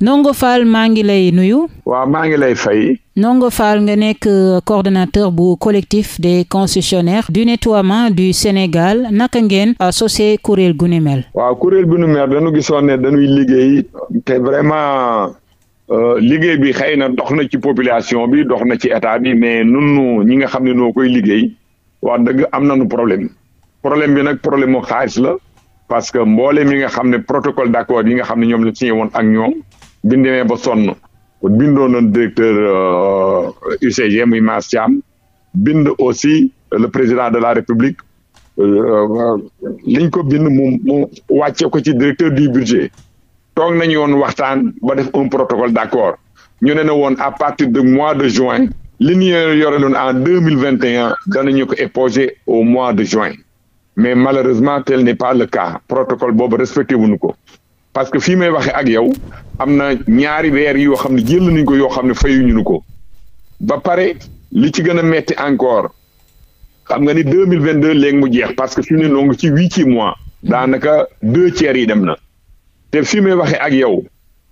Ndongo Fall maa ngi lay nuyu. waaw maa ngi lay fay. Ndongo Fall nga nekk euh, coordonnateur bu collectif des concessionnaires du nettoiement du Sénégal naka ngeen associé euh, kuréel gu waaw kuréel gu ni mel dañu gisoon ne dañuy liggéey te vraiment euh, liggéey bi xëy na dox na ci population bi dox na ci état bi mais nun ñi nga xam ne noo koy liggéey wax dëgg am na nañu problème problème bi nag problème mu xaalis la parce que mboolem yi nga xam ne protocole d'accord yi nga xam ne ñoom la signé woon ak ñoom. bi ñu ba sonn bindoo nañ directeur UCG euh, muy Mass Thiam bind aussi le président de la République euh, euh, liñ ko bind mu mu ko ci directeur du budget toog nañu woon waxtaan ba def un protocole d'accord ñu ne na woon à partir de mois de juin li ñu yore loon en deux mille vingt et un danañu ko éponger au mois de juin mais malheureusement tel n'est pas le cas protocole boobu respecté wuñu ko parce que fii may waxe ak yow am na ñaari weer yoo xam ne jël nañ ko yoo xam ne fayuñu ñunu ko ba pare li ci gën a metti encore xam nga ni deux mille vingt deux léegi mu jeex parce que fi mu ne noo ngi ci huitième mois daanaka deux tiers yi dem na te fii may waxe ak yow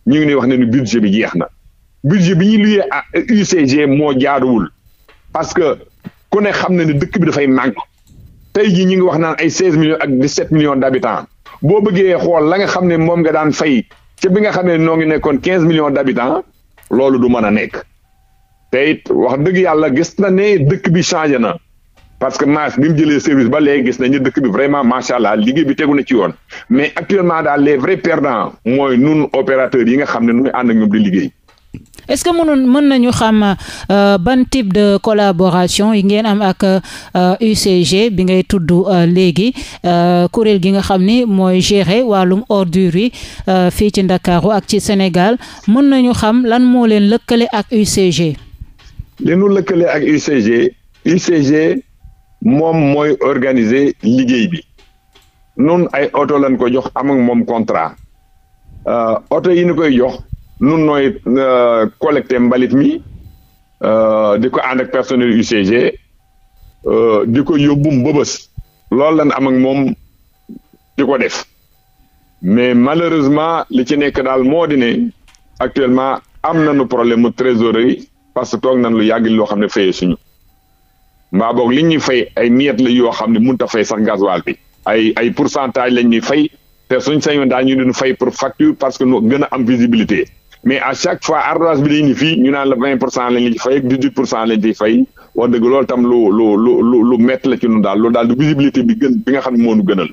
ñu ngi ne wax na ni budget bi jeex na budget bi ñuy luyee UCG moo jaadawul parce que ku ne xam na ne dëkk bi dafay manque tey jii ñu ngi wax naan ay seize millions ak dix sept millions d' habitants boo bëggee xool la nga xam ne moom nga daan fay ci bi nga xam ne noo ngi nekkoon quinze millions d'habitants loolu du mën a nekk te it wax dëgg yàlla gis na ne dëkk bi changé na parce que Mass bi mu jëlee service ba léegi gis nañu dëkk bi vraiment macha allah liggéey bi tegu na ci yoon mais actuellement daal les vrais perdants mooy nun opérateurs yi nga xam ne ñooy ànd ak ñoom di liggéey est-ce que mënoon mën nañu xam euh, ban type de collaboration yi ngeen am ak UCG euh, bi ngay tudd euh, léegi kuréel gi nga xam ni mooy gérer wàllum ordures yi fii ci Ndakaaru ak ci Sénégal mën nañu xam lan moo leen lëkkale ak UCG li nu lëkkale ak UCG UCG moom mooy organiser liggéey bi nun ay oto lañ ko jox am ak moom contrat oto yi ñu koy jox nun nooy euh, collecte mbalit mi euh, di ko ànd ak personnel UCG euh, di ko yóbbu mbëbës loolu lan am ak moom di ko def mais malheureusement li ci nekk daal moo di ne actuellement am na nañu problème mu trésorerie parce que toog nañ lu yàgg loo xam ne fayee suñu mbaa boog li ñuy fay ay miettes la yoo xam ne mun a fay sax gasoil bi ay ay centage lañ ñuy fay te suñ sañoon daa ñu doon fay pour facture parce que ñu gën a am visibilité mais à chaque fois arrosage bi lay ni fii ñu naan la vingt pour cent lañ la fay ak pour cent lañ fay wax dëgg loolu tam lu lu lu lu lu métti la ci ñun daal loolu daal du visibilité bi gën bi nga xam ne moo ñu gënal.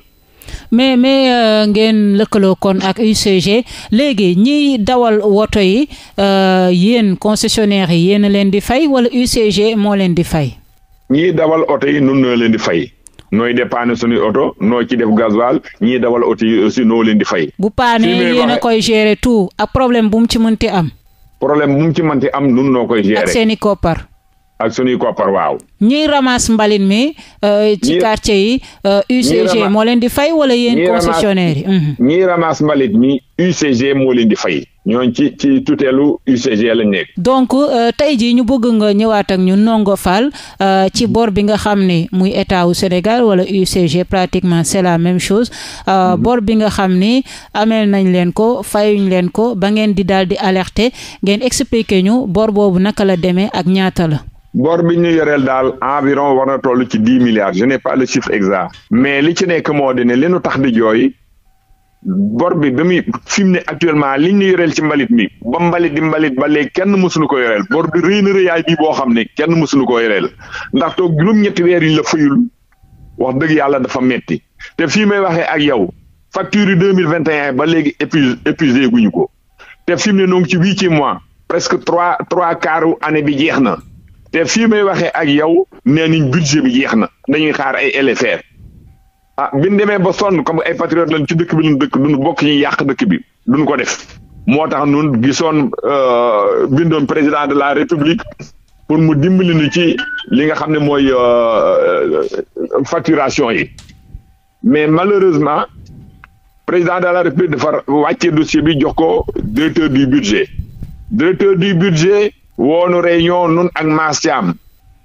mais mais euh, ngeen lëkkaloo kon ak UCG léegi ñiy dawal woto yi euh, yéen concessionnaire yi yéen leen di fay wala UCG moo leen di fay. ñiy dawal oto yi nun ñoo leen di fay. nooy dépanner suñuy oto noo ci def gasoil ñii dawal oto yi aussi noo leen di fay. bu paanee yéen a koy gérer tout ak problème bu mu ci mënti am. problème bu mu ci mënti am nun noo koy gérer ak seeni koppar. ak suñuy waaw. ñiy ramas mbalit mi. Euh, ci quartier yi. UCG euh, moo leen di fay wala yéen concessionnaire yi. Mhm. ñiy ramas mbalit mi UCG moo leen di fay. ñooñ ci ci UCG lañ nekk. donc euh, tey jii ñu bëgg nga ñëwaat ak ñu Ndongo Fall ci mm-hmm. bor bi nga xam ne muy état wu Sénégal wala UCG pratiquement c'est la même chose mm-hmm. bor bi nga xam ni ameel nañ leen ko fayuñ leen ko ba ngeen di daal di alerter ngeen expliquer ñu bor boobu naka la demee ak ñaata la. bor bi ñu yoreel daal environ war na toll ci dix milliards je n'ai pas le chiffre exact mais li ci nekk moo di leenu tax di jooy bor bi ba muy fi mu ne actuellement li ñu yoreel ci mbalit mi ba mbalit di mbalit ba léegi kenn mësuñu ko yoreel bor bi rëy na rëyaay bi boo xam ne kenn mësuñu ko yoreel ndax toog juróom-ñetti weer yi la fayul wax dëgg yàlla dafa metti te fii may waxee ak yow facture yi deux mille vingt et un ba léegi épuisé épuisé guñu ko te fi mu ne noo ngi ci mois presque trois trois quarts année bi jeex na. te fii may waxee ak yow nee nañ budget bi jeex na dañuy xaar ay LFR ah bi demee ba sonn comme ay patriote lañ ci dëkk bi lañ dëkk duñu bokk ñuy yàq dëkk bi duñ ko def moo tax ñun gisoon euh, bindoon président de la république pour mu dimbali nu ci li nga xam ne mooy euh, euh, facturation yi mais malheureusement président de la république dafa wàcce dossier bi jox ko directeur du budget directeur du budget woonu réunion nun ak Mass Thiam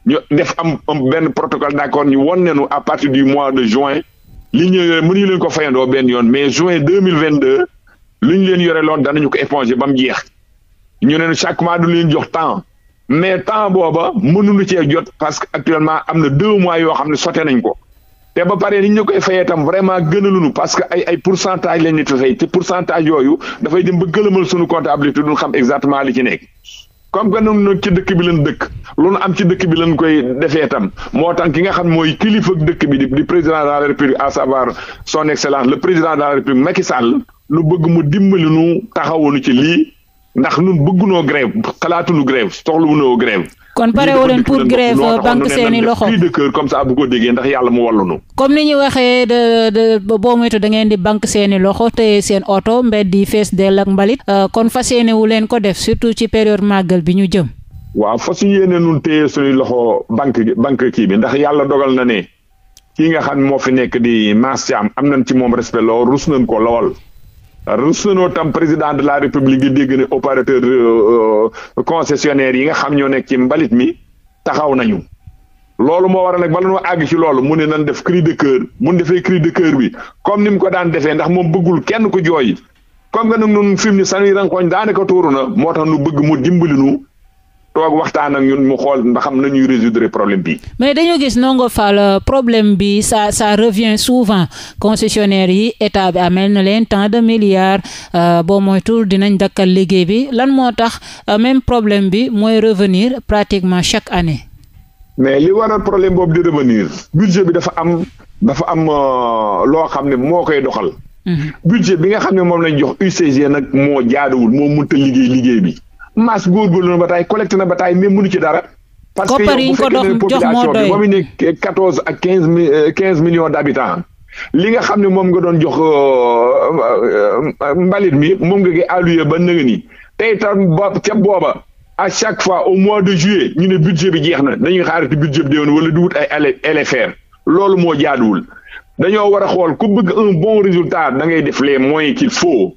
ñu def am benn protocole d'accord ñu won nenu à partir du mois de juin li ñu yore mënuñu leen ko fayandoo benn yoon mais juin deux mille vingt deux lu ñu leen yore loon danañu ko éponger ba jeex ñu ne chaque mois du leen jox temps mais temps booba mënuñu cee jot parce que actuellement am na deux mois yoo xam ne sote nañ ko te ba paree ni ñu koy fayee tam vraiment gënaluñu parce que ay ay pourcentage lañ nit fay te pourcentage yooyu dafay dem ba gëlëmal suñu comptabilité duñ xam exactement li ci nekk comme que ñun ci dëkk bi leen dëkk lu am ci dëkk bi leen koy defee tam moo tax ki nga xam mooy kilifa dëkk bi di président de la république à savoir son excellence le président de la république Macky Sall lu bëgg mu dimbali nu taxawunu ci lii ndax ñun bëggunoo grève xalaatunu grève soxluwunoo grève kon pare wu leen pour grève banque seeni loxo plus de cœur comme ça bu ko déggee ndax yàlla mu wàllunu comme ni ñu waxee de boo moytu da ngeen di banque seeni loxo te seen oto mbedd yi fees dell ak mbalit euh, kon fas yéene leen ko def surtout ci période màggal bi ñu jëm waaw fas yéene nun téye suñuy loxo banque banque kii bi ndax yàlla dogal na ne kii nga xam moo fi nekk di Mass Thiam am nañ ci moom respect lool rus nañ ko lool resunoo tam président de la république yi dégg ne opérateur euh, concessionnaire yi nga xam ñoo nekk ci mbalit mi taxaw nañu loolu moo waral nag bala noo àgg ci loolu mu ne nan def cri de cœur mun defee cri de cœur bi comme ni mu ko daan defee ndax moom bëggul kenn ku jooy comme nga nag ñun fi mu ne sanuy rankoñ daanaka tuuru na moo tax nu bëgg mu dimbali nu toog waxtaan ak ñun mu xool ndax xam nañuy résoudre problème bi. mais dañoo gis Ndongo Fall euh, problème bi ça ça revient souvent concessionnaire yi état bi amel na leen tant de milliards euh, boo moytul dinañ dakkal liggéey bi lan moo tax euh, même problème bi mooy revenir pratiquement chaque année. mais li waral problème boobu di revenir budget bi dafa am dafa am loo xam ne moo koy doxal. Mhm. bi nga xam ne moom lañ jox UCG nag moo jaaduwul moo mënta liggéey liggéey bi. masse góorgóorlu na ba taay collecté na ba taay mais mënu ci dara. parce que yow bu fekkee ne population bi moom it ne ak quinze mille euh, quinze millions d' habitants. li nga xam ne moom nga doon jox euh, euh, mbalit mi moom nga koy alloué ba nëgë ni tey tam ba ca booba à chaque fois au mois de juillet ñu ne budget bi jeex na dañuy xaarati budget bi déwén wala du wut ay LFR loolu moo jaaduwul dañoo war a xool ku bëgg un bon résultat da def les moyens qu'il faut.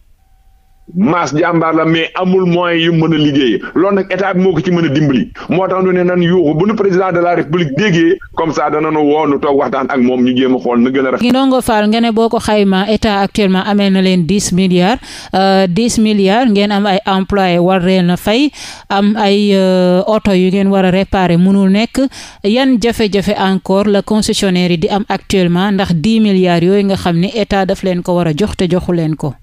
maas jàmbaar la mais amul moyen yu mën a liggéey loolu nag état moo ko ci mën a dimbali moo tax ñu ne nan yuuxu bu nu président de la république déggee comme ça dananu woo nu toog waxtaan ak moom ñu jéem a xool na gën a rafet. Ndongo nga ne boo ko xayma état actuellement amee na leen dix milliards euh, dix milliards ngeen am ay employés war leen a fay am ay euh, oto yu ngeen war a réparer mënul nekk yan jafe-jafe encore la concessionnaire yi di am actuellement ndax dix milliards yooyu nga xam ni état daf leen ko war a jox te joxu leen ko.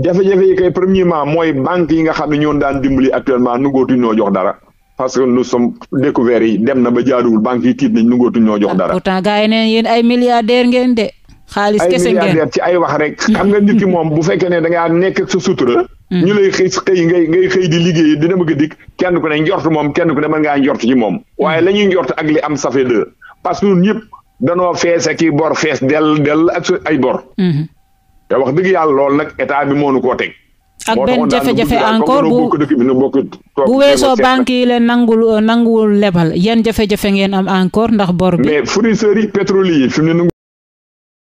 jafe-jafe yi kay premièrement mooy banque yi nga xam ne ñoon daan dimbali actuellement nu góotuñ ñoo jox dara parce que nous sommes découverts yi dem na ba jaaduwul banque yi tiit nañ nu góotuñ ñoo jox dara. pourtant gars yi neen yéen ay milliardaire ngeen de. xaalis kese ngeen ci ay wax rek. xam nga nit moom bu fekkee ne da ngaa nekk su sutura. Mm. ñu lay xëy xëy ngay ngay xëy di liggéey dina bëgg a dikk kenn ku ne njort moom kenn ku ne mën ngaa njort ci moom. Mm. waaye la ñuy njort ak li am ça fait deux parce que ñëpp danoo fees ak i bor fees dell dell ak ay bor. Mm-hmm. te wax dëgg yàlla lool nag état bi moo nu koo teg. ak benn jafe-jafe encore bu bu weesoo banque yi leen nangul nanguwul lebal yan jafe-jafe ngeen am encore ndax bor bi. mais fournisseurs yi pétrolier yi fi mu ne